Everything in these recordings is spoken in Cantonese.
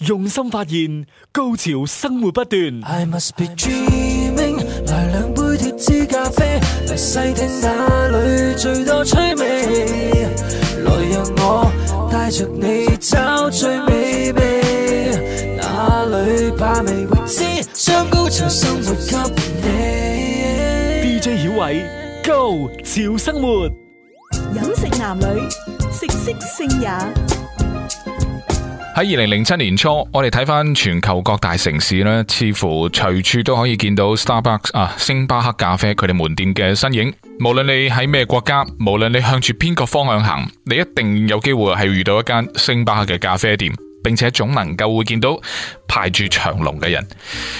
用心發現，高潮生活不斷。I must be dreaming, 來兩杯脫脂咖啡，嚟細聽那裏最多趣味。來讓我帶着你找最美味，哪裏怕未知，將高潮生活給你。DJ 小偉，Go 潮生活。飲食男女，食色性也。喺二零零七年初，我哋睇翻全球各大城市呢，似乎隨處都可以見到 Starbucks 啊，星巴克咖啡佢哋門店嘅身影。無論你喺咩國家，無論你向住邊個方向行，你一定有機會係遇到一間星巴克嘅咖啡店，並且總能夠會見到排住長龍嘅人。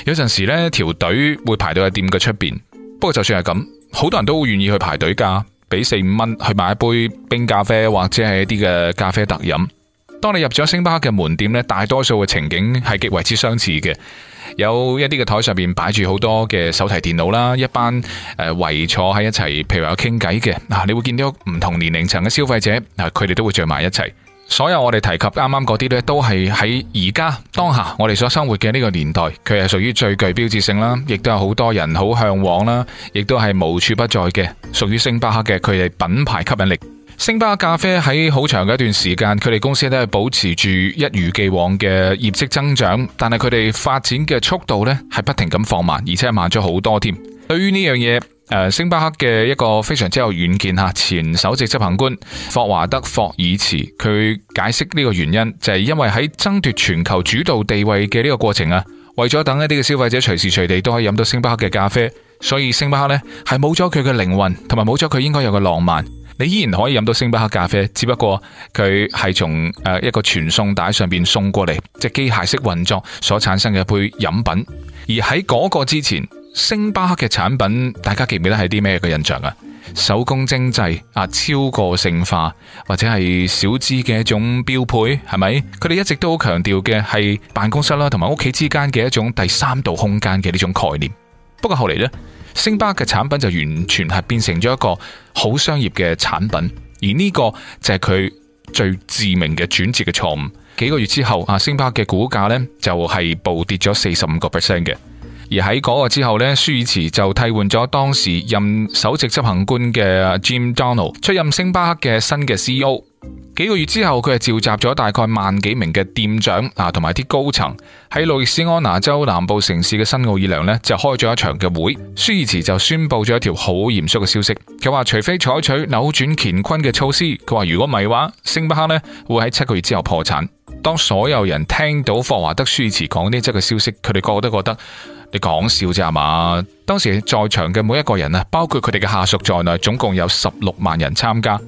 有陣時呢，條隊會排到喺店嘅出邊。不過就算係咁，好多人都會願意去排隊噶，俾四五蚊去買一杯冰咖啡或者係一啲嘅咖啡特飲。當你入咗星巴克嘅門店呢，大多數嘅情景係極為之相似嘅。有一啲嘅台上面擺住好多嘅手提電腦啦，一班誒圍坐喺一齊，譬如話傾偈嘅嗱，你會見到唔同年齡層嘅消費者啊，佢哋都會聚埋一齊。所有我哋提及啱啱嗰啲呢，都係喺而家當下我哋所生活嘅呢個年代，佢係屬於最具標誌性啦，亦都有好多人好向往啦，亦都係無處不在嘅，屬於星巴克嘅佢哋品牌吸引力。星巴克咖啡喺好長嘅一段時間，佢哋公司都係保持住一如既往嘅業績增長，但係佢哋發展嘅速度呢，係不停咁放慢，而且係慢咗好多添。對於呢樣嘢，誒，星巴克嘅一個非常之有遠見吓前首席執行官霍華德霍爾茨佢解釋呢個原因就係因為喺爭奪全球主導地位嘅呢個過程啊，為咗等一啲嘅消費者隨時隨地都可以飲到星巴克嘅咖啡，所以星巴克呢，係冇咗佢嘅靈魂，同埋冇咗佢應該有嘅浪漫。你依然可以飲到星巴克咖啡，只不過佢係從誒一個傳送帶上邊送過嚟，即係機械式運作所產生嘅一杯飲品。而喺嗰個之前，星巴克嘅產品，大家記唔記得係啲咩嘅印象啊？手工精製啊，超過性化，或者係小資嘅一種標配，係咪？佢哋一直都好強調嘅係辦公室啦，同埋屋企之間嘅一種第三度空間嘅呢種概念。不過後嚟呢。星巴克嘅產品就完全係變成咗一個好商業嘅產品，而呢個就係佢最致命嘅轉折嘅錯誤。幾個月之後，啊，星巴克嘅股價呢就係暴跌咗四十五個 percent 嘅。而喺嗰個之後呢，舒爾茨就替換咗當時任首席執行官嘅 Jim Donald 出任星巴克嘅新嘅 CEO。幾個月之後，佢係召集咗大概萬幾名嘅店長啊，同埋啲高層喺路易斯安那州南部城市嘅新奧爾良呢，就開咗一場嘅會。舒爾茨就宣布咗一條好嚴肅嘅消息，佢話除非採取扭轉乾坤嘅措施，佢話如果唔係話，星巴克呢會喺七個月之後破產。當所有人聽到霍華德舒爾茨講呢則嘅消息，佢哋個個都覺得你講笑啫係嘛？當時在場嘅每一個人啊，包括佢哋嘅下屬在內，總共有十六萬人參加。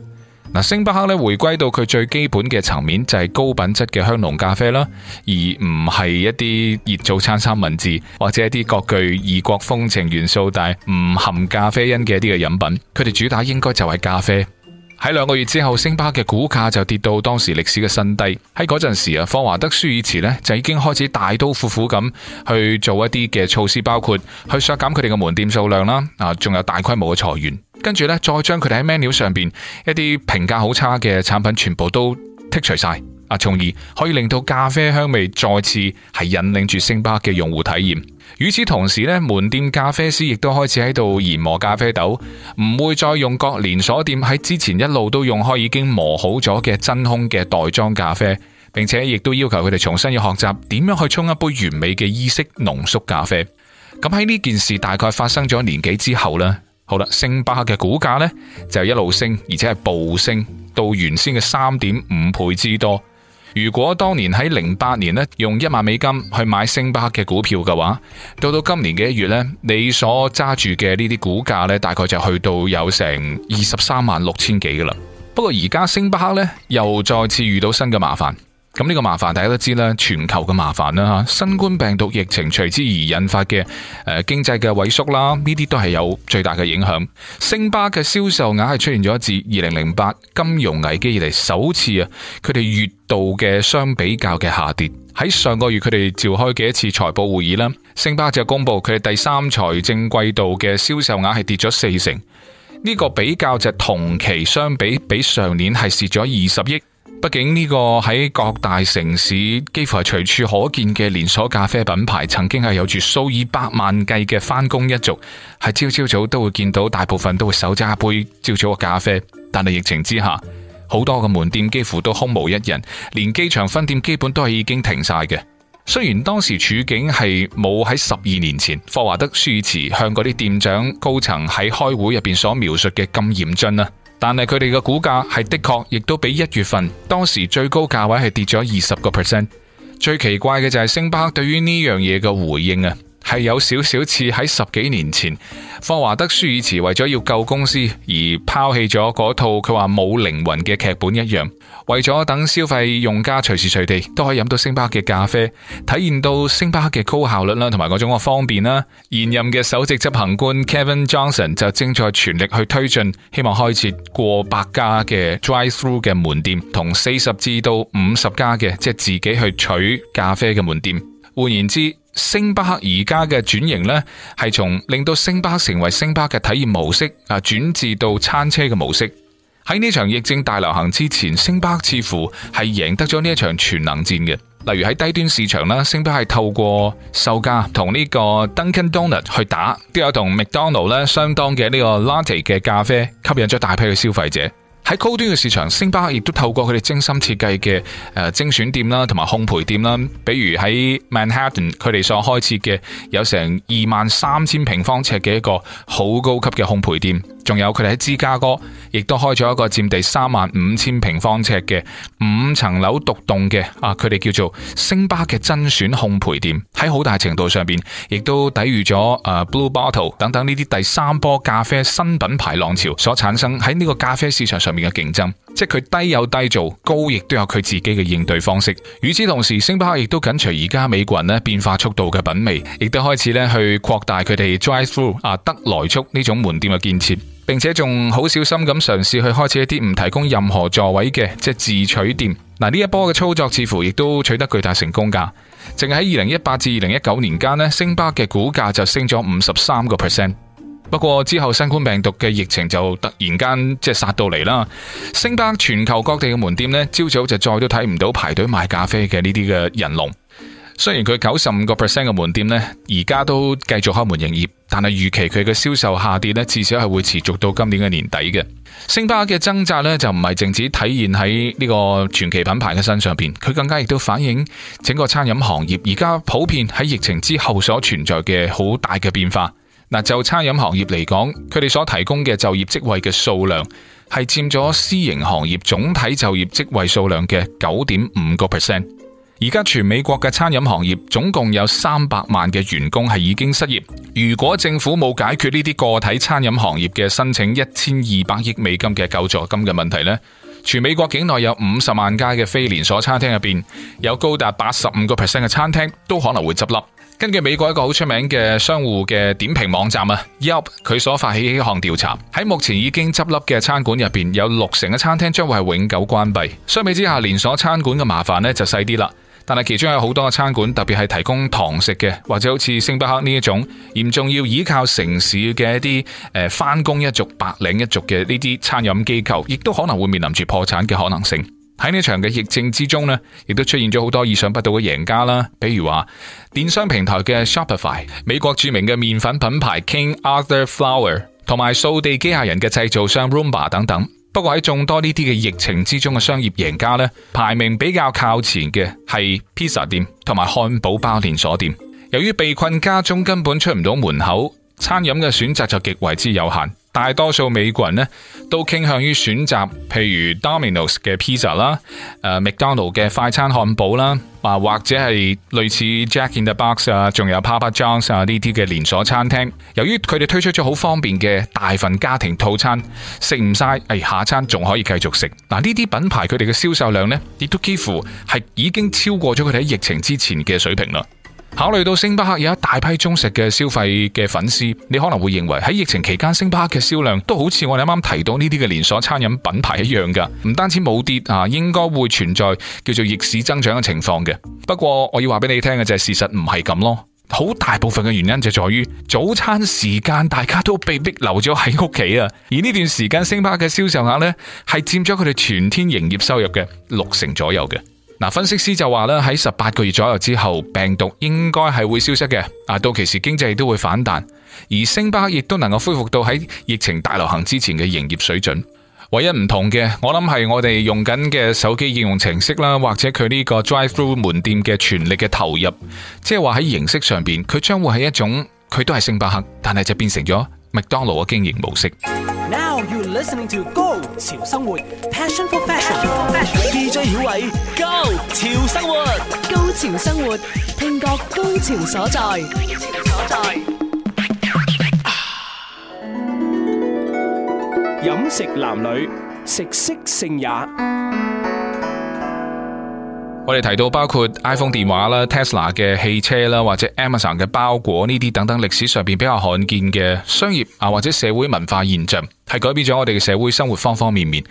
星巴克咧，回歸到佢最基本嘅層面，就係高品質嘅香濃咖啡啦，而唔係一啲熱早餐三文治，或者一啲各具異國風情元素，但係唔含咖啡因嘅一啲嘅飲品。佢哋主打應該就係咖啡。喺兩個月之後，星巴克嘅股價就跌到當時歷史嘅新低。喺嗰陣時啊，霍華德舒爾茨咧就已經開始大刀闊斧咁去做一啲嘅措施，包括去削減佢哋嘅門店數量啦，啊，仲有大規模嘅裁員，跟住咧再將佢哋喺 menu 上邊一啲評價好差嘅產品全部都剔除晒。啊，從而可以令到咖啡香味再次係引領住星巴克嘅用戶體驗。與此同時咧，門店咖啡師亦都開始喺度研磨咖啡豆，唔會再用各連鎖店喺之前一路都用開已經磨好咗嘅真空嘅袋裝咖啡，並且亦都要求佢哋重新要學習點樣去沖一杯完美嘅意式濃縮咖啡。咁喺呢件事大概發生咗年幾之後咧，好啦，星巴克嘅股價呢就一路升，而且係暴升，到原先嘅三點五倍之多。如果當年喺零八年呢，用一萬美金去買星巴克嘅股票嘅話，到到今年嘅一月呢，你所揸住嘅呢啲股價呢，大概就去到有成二十三萬六千幾噶啦。不過而家星巴克呢，又再次遇到新嘅麻煩。咁呢個麻煩，大家都知啦，全球嘅麻煩啦吓，新冠病毒疫情隨之而引發嘅，誒、呃、經濟嘅萎縮啦，呢啲都係有最大嘅影響。星巴嘅銷售額係出現咗自二零零八金融危機以嚟首次啊，佢哋月度嘅相比較嘅下跌。喺上個月佢哋召開嘅一次財報會議啦，星巴就公布佢哋第三財政季度嘅銷售額係跌咗四成，呢、這個比較就係同期相比，比上年係蝕咗二十億。畢竟呢個喺各大城市幾乎係隨處可見嘅連鎖咖啡品牌，曾經係有住數以百萬計嘅返工一族，係朝朝早都會見到，大部分都會手揸杯朝早嘅咖啡。但係疫情之下，好多嘅門店幾乎都空無一人，連機場分店基本都係已經停晒嘅。雖然當時處境係冇喺十二年前霍華德舒辭向嗰啲店長高層喺開會入邊所描述嘅咁嚴峻啊。但係佢哋嘅股價係的確亦都比一月份當時最高價位係跌咗二十個 percent。最奇怪嘅就係星巴克對於呢樣嘢嘅回應啊！係有少少似喺十幾年前，霍華德舒爾茨為咗要救公司而拋棄咗嗰套佢話冇靈魂嘅劇本一樣，為咗等消費用家隨時隨地都可以飲到星巴克嘅咖啡，體驗到星巴克嘅高效率啦，同埋嗰種嘅方便啦。現任嘅首席執行官 Kevin Johnson 就正在全力去推進，希望開設過百家嘅 Drive Through 嘅門店，同四十至到五十家嘅即係自己去取咖啡嘅門店。換言之，星巴克而家嘅轉型呢，係從令到星巴克成為星巴克嘅體驗模式啊，轉至到餐車嘅模式。喺呢場疫症大流行之前，星巴克似乎係贏得咗呢一場全能戰嘅。例如喺低端市場啦，星巴克係透過售價同呢個 Dunkin Donuts 去打，都有同 McDonald 咧相當嘅呢個 Latte 嘅咖啡，吸引咗大批嘅消費者。喺高端嘅市場，星巴克亦都透過佢哋精心設計嘅精選店啦，同埋烘焙店啦，比如喺 Manhattan，佢哋所開設嘅有成二萬三千平方尺嘅一個好高級嘅烘焙店。仲有佢哋喺芝加哥，亦都開咗一個佔地三萬五千平方尺嘅五層樓獨棟嘅啊。佢哋叫做星巴克嘅甄選烘焙店，喺好大程度上邊，亦都抵禦咗誒 Blue Bottle 等等呢啲第三波咖啡新品牌浪潮所產生喺呢個咖啡市場上面嘅競爭。即係佢低有低做，高亦都有佢自己嘅應對方式。與此同時，星巴克亦都緊隨而家美國人咧變化速度嘅品味，亦都開始咧去擴大佢哋 Drive Through 啊得來速呢種門店嘅建設。並且仲好小心咁嘗試去開設一啲唔提供任何座位嘅，即係自取店。嗱，呢一波嘅操作似乎亦都取得巨大成功噶淨係喺二零一八至二零一九年間咧，星巴克嘅股價就升咗五十三個 percent。不過之後新冠病毒嘅疫情就突然間即係殺到嚟啦，星巴克全球各地嘅門店呢，朝早就再都睇唔到排隊買咖啡嘅呢啲嘅人龍。雖然佢九十五個 percent 嘅門店呢，而家都繼續開門營業，但係預期佢嘅銷售下跌呢，至少係會持續到今年嘅年底嘅。星巴克嘅掙扎呢，就唔係淨止體現喺呢個傳奇品牌嘅身上邊，佢更加亦都反映整個餐飲行業而家普遍喺疫情之後所存在嘅好大嘅變化。嗱，就餐飲行業嚟講，佢哋所提供嘅就業職位嘅數量係佔咗私營行業總體就業職位數量嘅九點五個 percent。而家全美國嘅餐飲行業總共有三百萬嘅員工係已經失業。如果政府冇解決呢啲個體餐飲行業嘅申請一千二百億美金嘅救助金嘅問題呢，全美國境內有五十萬家嘅非連鎖餐廳入邊，有高達八十五個 percent 嘅餐廳都可能會執笠。根據美國一個好出名嘅商戶嘅點評網站啊，Yelp 佢所發起呢項調查，喺目前已經執笠嘅餐館入邊，有六成嘅餐廳將會係永久關閉。相比之下，連鎖餐館嘅麻煩呢就細啲啦。但係其中有好多嘅餐館，特別係提供堂食嘅，或者好似星巴克呢一種，嚴重要依靠城市嘅一啲誒返工一族、白領一族嘅呢啲餐飲機構，亦都可能會面臨住破產嘅可能性。喺呢場嘅疫症之中呢，亦都出現咗好多意想不到嘅贏家啦，比如話電商平台嘅 Shopify、美國著名嘅麵粉品牌 King Arthur Flour 同埋掃地機械人嘅製造商 Roomba 等等。不過喺眾多呢啲嘅疫情之中嘅商業贏家咧，排名比較靠前嘅係披薩店同埋漢堡包連鎖店。由於被困家中，根本出唔到門口，餐飲嘅選擇就極為之有限。大多數美國人咧都傾向於選擇譬如 Domino's 嘅 pizza 啦，誒 McDonald 嘅快餐漢堡啦，啊或者係類似 Jack in the Box 啊，仲有 Papa Johns 啊呢啲嘅連鎖餐廳。由於佢哋推出咗好方便嘅大份家庭套餐，食唔晒，誒、哎、下餐仲可以繼續食。嗱，呢啲品牌佢哋嘅銷售量呢亦都幾乎係已經超過咗佢哋喺疫情之前嘅水平啦。考慮到星巴克有一大批忠實嘅消費嘅粉絲，你可能會認為喺疫情期間星巴克嘅銷量都好似我哋啱啱提到呢啲嘅連鎖餐飲品牌一樣㗎，唔單止冇跌啊，應該會存在叫做逆市增長嘅情況嘅。不過我要話俾你聽嘅就係、是、事實唔係咁咯，好大部分嘅原因就在於早餐時間大家都被逼留咗喺屋企啊，而呢段時間星巴克嘅銷售額呢係佔咗佢哋全天營業收入嘅六成左右嘅。嗱，分析師就話咧，喺十八個月左右之後，病毒應該係會消失嘅。啊，到其時經濟都會反彈，而星巴克亦都能夠恢復到喺疫情大流行之前嘅營業水準。唯一唔同嘅，我諗係我哋用緊嘅手機應用程式啦，或者佢呢個 drive through 門店嘅全力嘅投入，即係話喺形式上邊，佢將會係一種佢都係星巴克，但係就變成咗。麥當勞嘅經營模式。Now you listening to 高潮生活，Passion for Fashion，DJ 曉偉，高潮生活，高潮生活，聽覺高潮所在，高潮所在。飲食男女，食色性也。我哋提到包括 iPhone 電話啦、Tesla 嘅汽車啦，或者 Amazon 嘅包裹呢啲等等歷史上邊比較罕見嘅商業啊，或者社會文化現象，係改變咗我哋嘅社會生活方方面面。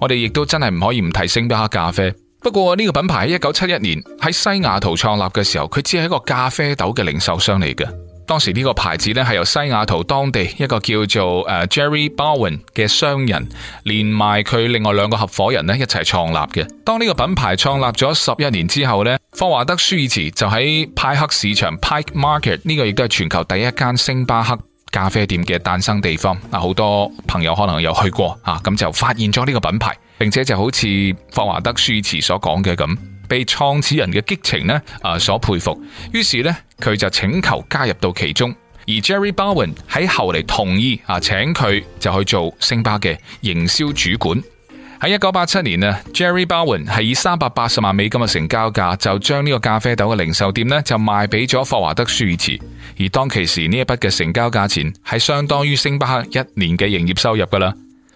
我哋亦都真係唔可以唔提星巴克咖啡。不過呢個品牌喺一九七一年喺西雅圖創立嘅時候，佢只係一個咖啡豆嘅零售商嚟嘅。當時呢個牌子咧係由西雅圖當地一個叫做誒 Jerry Bowen 嘅商人，連埋佢另外兩個合夥人咧一齊創立嘅。當呢個品牌創立咗十一年之後呢，霍華德舒爾茨就喺派克市場 Pike Market，呢個亦都係全球第一間星巴克咖啡店嘅誕生地方。啊，好多朋友可能有去過啊，咁就發現咗呢個品牌，並且就好似霍華德舒爾茨所講嘅咁。被創始人嘅激情呢，啊，所佩服，於是呢，佢就請求加入到其中。而 Jerry Baldwin 喺後嚟同意啊，請佢就去做星巴克嘅營銷主管。喺一九八七年啊，Jerry Baldwin 係以三百八十萬美金嘅成交價就將呢個咖啡豆嘅零售店呢就賣俾咗霍華德舒爾茨。而當其時呢一筆嘅成交價錢係相當於星巴克一年嘅營業收入噶啦。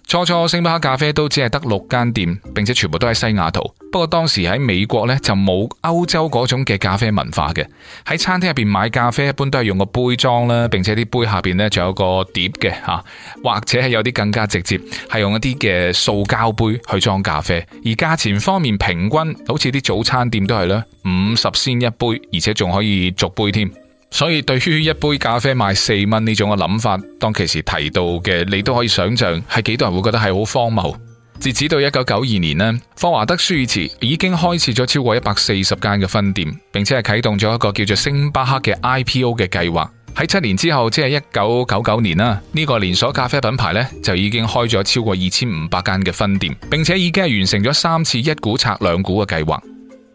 初初星巴克咖啡都只係得六間店，並且全部都喺西雅圖。不過當時喺美國呢，就冇歐洲嗰種嘅咖啡文化嘅。喺餐廳入邊買咖啡一般都係用個杯裝啦，並且啲杯下邊呢仲有個碟嘅吓、啊，或者係有啲更加直接係用一啲嘅塑膠杯去裝咖啡。而價錢方面，平均好似啲早餐店都係啦，五十仙一杯，而且仲可以續杯添。所以對於一杯咖啡賣四蚊呢種嘅諗法，當其時提到嘅，你都可以想象係幾多人會覺得係好荒謬。截止到一九九二年呢，霍華德舒爾茨已經開設咗超過一百四十間嘅分店，並且係啟動咗一個叫做星巴克嘅 IPO 嘅計劃。喺七年之後，即係一九九九年啦，呢個連鎖咖啡品牌呢，就已經開咗超過二千五百間嘅分店，並且已經係完成咗三次一股拆兩股嘅計劃。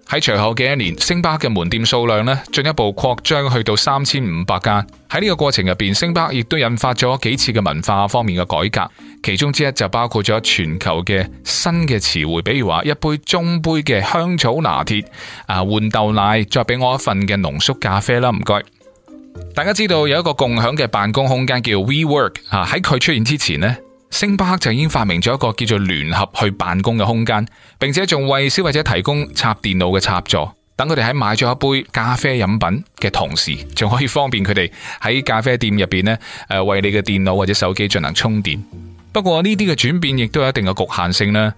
喺隨後嘅一年，星巴克嘅門店數量呢，進一步擴張，去到三千五百間。喺呢個過程入邊，星巴克亦都引發咗幾次嘅文化方面嘅改革，其中之一就包括咗全球嘅新嘅詞彙，比如話一杯中杯嘅香草拿鐵，啊，換豆奶，再俾我一份嘅濃縮咖啡啦，唔該。大家知道有一個共享嘅辦公空間叫 WeWork 啊，喺佢出現之前呢，星巴克就已經發明咗一個叫做聯合去辦公嘅空間，並且仲為消費者提供插電腦嘅插座，等佢哋喺買咗一杯咖啡飲品嘅同時，仲可以方便佢哋喺咖啡店入邊呢，誒，為你嘅電腦或者手機進行充電。不過呢啲嘅轉變亦都有一定嘅局限性啦。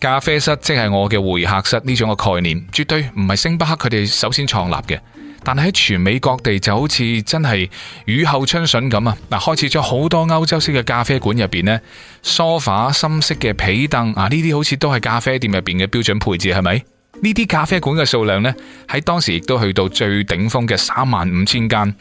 咖啡室即係我嘅會客室呢種嘅概念，絕對唔係星巴克佢哋首先創立嘅。但係喺全美各地就好似真係雨後春笋咁啊！嗱，開始咗好多歐洲式嘅咖啡館入邊呢，梳化深色嘅皮凳啊，呢啲好似都係咖啡店入邊嘅標準配置係咪？呢啲咖啡館嘅數量呢，喺當時亦都去到最頂峰嘅三萬五千間。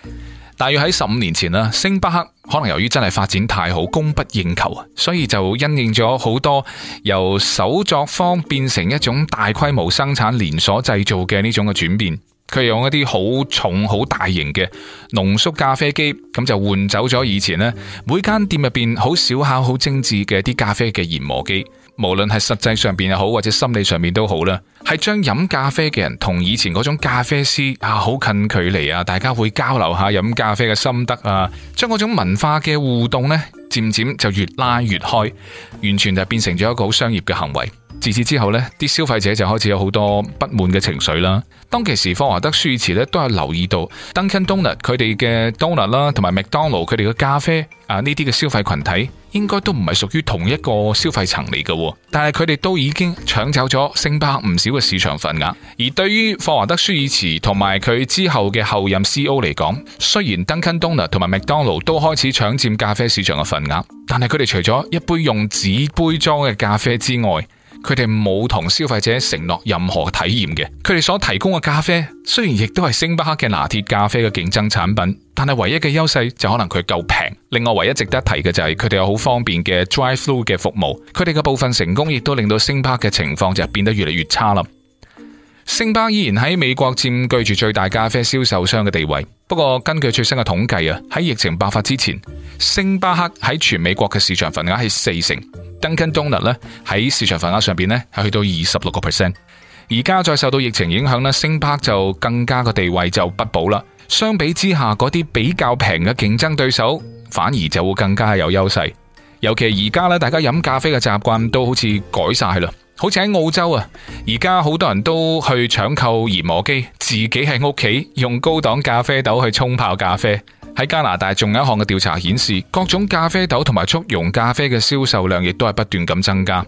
大約喺十五年前啦，星巴克可能由於真係發展太好，供不應求啊，所以就因應咗好多由手作坊變成一種大規模生產、連鎖製造嘅呢種嘅轉變。佢用一啲好重、好大型嘅濃縮咖啡機，咁就換走咗以前呢每間店入邊好小巧、好精緻嘅啲咖啡嘅研磨機。無論係實際上邊又好，或者心理上邊都好啦，係將飲咖啡嘅人同以前嗰種咖啡師啊，好近距離啊，大家會交流下飲咖啡嘅心得啊，將嗰種文化嘅互動呢，漸漸就越拉越開，完全就變成咗一個好商業嘅行為。自此之後呢啲消費者就開始有好多不滿嘅情緒啦。當其時，霍華德舒爾茨咧都係留意到，Dunkin Donuts 佢哋嘅 Donuts 啦，同埋麥當勞佢哋嘅咖啡啊，呢啲嘅消費群體應該都唔係屬於同一個消費層嚟嘅，但係佢哋都已經搶走咗星巴克唔少嘅市場份額。而對於霍華德舒爾茨同埋佢之後嘅後任 CEO 嚟講，雖然 Dunkin Donuts 同埋麥當勞都開始搶佔咖啡市場嘅份額，但係佢哋除咗一杯用紙杯裝嘅咖啡之外，佢哋冇同消費者承諾任何體驗嘅，佢哋所提供嘅咖啡雖然亦都係星巴克嘅拿鐵咖啡嘅競爭產品，但係唯一嘅優勢就可能佢夠平。另外，唯一值得提嘅就係佢哋有好方便嘅 drive through 嘅服務。佢哋嘅部分成功亦都令到星巴克嘅情況就變得越嚟越差啦。星巴克依然喺美國佔據住最大咖啡銷售商嘅地位。不過根據最新嘅統計啊，喺疫情爆發之前，星巴克喺全美國嘅市場份額係四成，Dunkin Donuts 呢，喺市場份額上邊呢，係去到二十六個 percent。而家再受到疫情影響呢，星巴克就更加個地位就不保啦。相比之下，嗰啲比較平嘅競爭對手反而就會更加有優勢。尤其係而家呢，大家飲咖啡嘅習慣都好似改晒啦。好似喺澳洲啊，而家好多人都去搶購研磨機，自己喺屋企用高檔咖啡豆去沖泡咖啡。喺加拿大仲有一項嘅調查顯示，各種咖啡豆同埋速溶咖啡嘅銷售量亦都係不斷咁增加。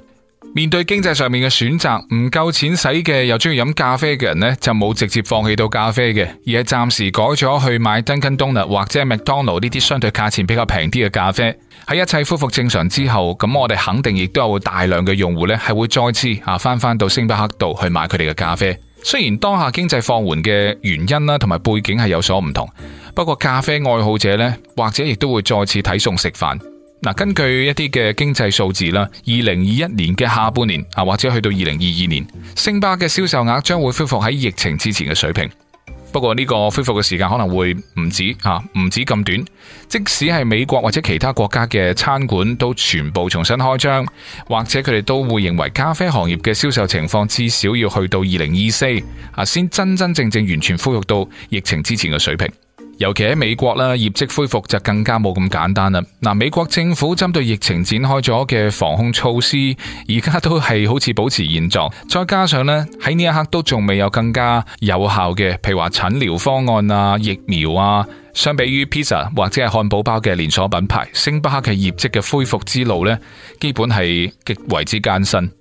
面對經濟上面嘅選擇，唔夠錢使嘅又中意飲咖啡嘅人呢，就冇直接放棄到咖啡嘅，而係暫時改咗去買 Dunkin Donuts 或者係麥當勞呢啲相對價錢比較平啲嘅咖啡。喺一切恢復正常之後，咁我哋肯定亦都有大量嘅用戶呢，係會再次啊翻翻到星巴克度去買佢哋嘅咖啡。雖然當下經濟放緩嘅原因啦，同埋背景係有所唔同，不過咖啡愛好者呢，或者亦都會再次睇餸食飯。根據一啲嘅經濟數字啦，二零二一年嘅下半年啊，或者去到二零二二年，星巴克嘅銷售額將會恢復喺疫情之前嘅水平。不過呢個恢復嘅時間可能會唔止啊，唔止咁短。即使係美國或者其他國家嘅餐館都全部重新開張，或者佢哋都會認為咖啡行業嘅銷售情況至少要去到二零二四啊，先真真正正完全恢復到疫情之前嘅水平。尤其喺美國啦，業績恢復就更加冇咁簡單啦。嗱，美國政府針對疫情展開咗嘅防控措施，而家都係好似保持現狀。再加上呢，喺呢一刻都仲未有更加有效嘅，譬如話診療方案啊、疫苗啊。相比於 Pizza 或者係漢堡包嘅連鎖品牌，星巴克嘅業績嘅恢復之路呢，基本係極為之艱辛。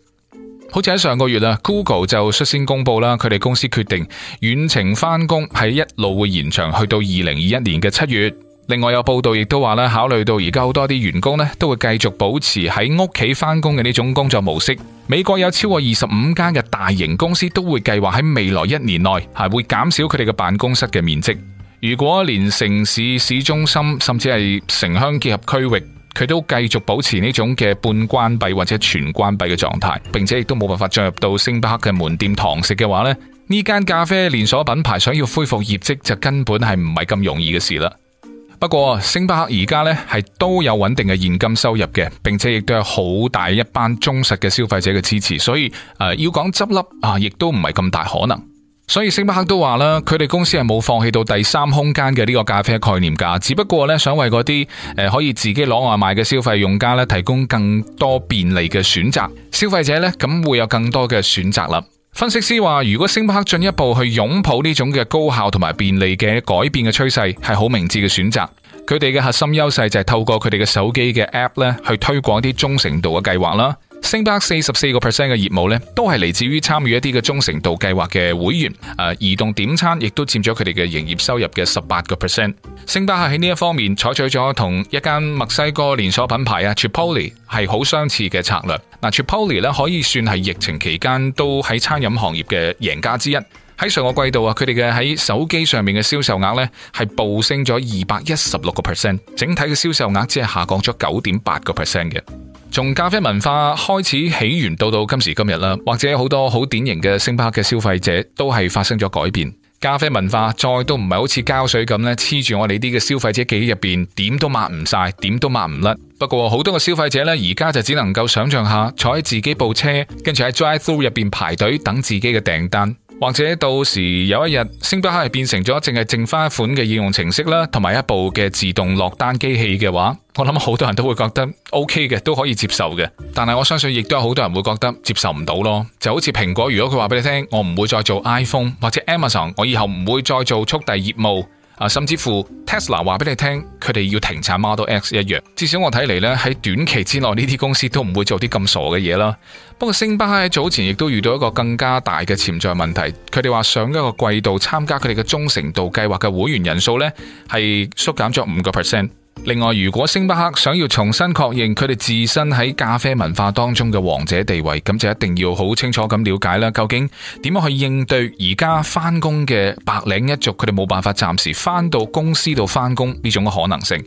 好似喺上個月啊，Google 就率先公布啦，佢哋公司決定遠程翻工係一路會延長去到二零二一年嘅七月。另外有報道亦都話呢，考慮到而家好多啲員工呢都會繼續保持喺屋企翻工嘅呢種工作模式。美國有超過二十五間嘅大型公司都會計劃喺未來一年內係會減少佢哋嘅辦公室嘅面積。如果連城市市中心甚至係城鄉結合區域。佢都繼續保持呢種嘅半關閉或者全關閉嘅狀態，並且亦都冇辦法進入到星巴克嘅門店堂食嘅話咧，呢間咖啡連鎖品牌想要恢復業績就根本係唔係咁容易嘅事啦。不過星巴克而家呢係都有穩定嘅現金收入嘅，並且亦都有好大一班忠實嘅消費者嘅支持，所以誒、呃、要講執笠啊，亦都唔係咁大可能。所以星巴克都話啦，佢哋公司係冇放棄到第三空間嘅呢個咖啡概念㗎，只不過咧想為嗰啲誒可以自己攞外賣嘅消費用家咧提供更多便利嘅選擇，消費者咧咁會有更多嘅選擇啦。分析師話，如果星巴克進一步去擁抱呢種嘅高效同埋便利嘅改變嘅趨勢，係好明智嘅選擇。佢哋嘅核心優勢就係透過佢哋嘅手機嘅 app 咧去推廣啲忠誠度嘅計劃啦。星巴克四十四個 percent 嘅業務咧，都係嚟自於參與一啲嘅忠誠度計劃嘅會員。誒、啊，移動點餐亦都佔咗佢哋嘅營業收入嘅十八個 percent。星巴克喺呢一方面採取咗同一間墨西哥連鎖品牌啊 Chipotle 係好相似嘅策略。嗱、啊、Chipotle 咧可以算係疫情期間都喺餐飲行業嘅贏家之一。喺上個季度啊，佢哋嘅喺手機上面嘅銷售額咧係暴升咗二百一十六個 percent，整體嘅銷售額只係下降咗九點八個 percent 嘅。從咖啡文化開始起源到到今時今日啦，或者好多好典型嘅星巴克嘅消費者都係發生咗改變。咖啡文化再都唔係好似膠水咁咧，黐住我哋啲嘅消費者記憶入邊，點都抹唔晒，點都抹唔甩。不過好多嘅消費者咧，而家就只能夠想象下坐喺自己部車，跟住喺 Drive Through 入邊排隊等自己嘅訂單。或者到時有一日，星巴克係變成咗淨係剩返一款嘅應用程式啦，同埋一部嘅自動落單機器嘅話，我諗好多人都會覺得 OK 嘅，都可以接受嘅。但係我相信，亦都有好多人會覺得接受唔到咯。就好似蘋果，如果佢話俾你聽，我唔會再做 iPhone，或者 Amazon，我以後唔會再做速遞業務。啊，甚至乎 Tesla 話俾你聽，佢哋要停產 Model X 一樣。至少我睇嚟咧，喺短期之內呢啲公司都唔會做啲咁傻嘅嘢啦。不過星巴克喺早前亦都遇到一個更加大嘅潛在問題，佢哋話上一個季度參加佢哋嘅忠誠度計劃嘅會員人數呢，係縮減咗五個 percent。另外，如果星巴克想要重新確認佢哋自身喺咖啡文化當中嘅王者地位，咁就一定要好清楚咁了解啦，究竟點樣去應對而家翻工嘅白領一族，佢哋冇辦法暫時翻到公司度翻工呢種嘅可能性。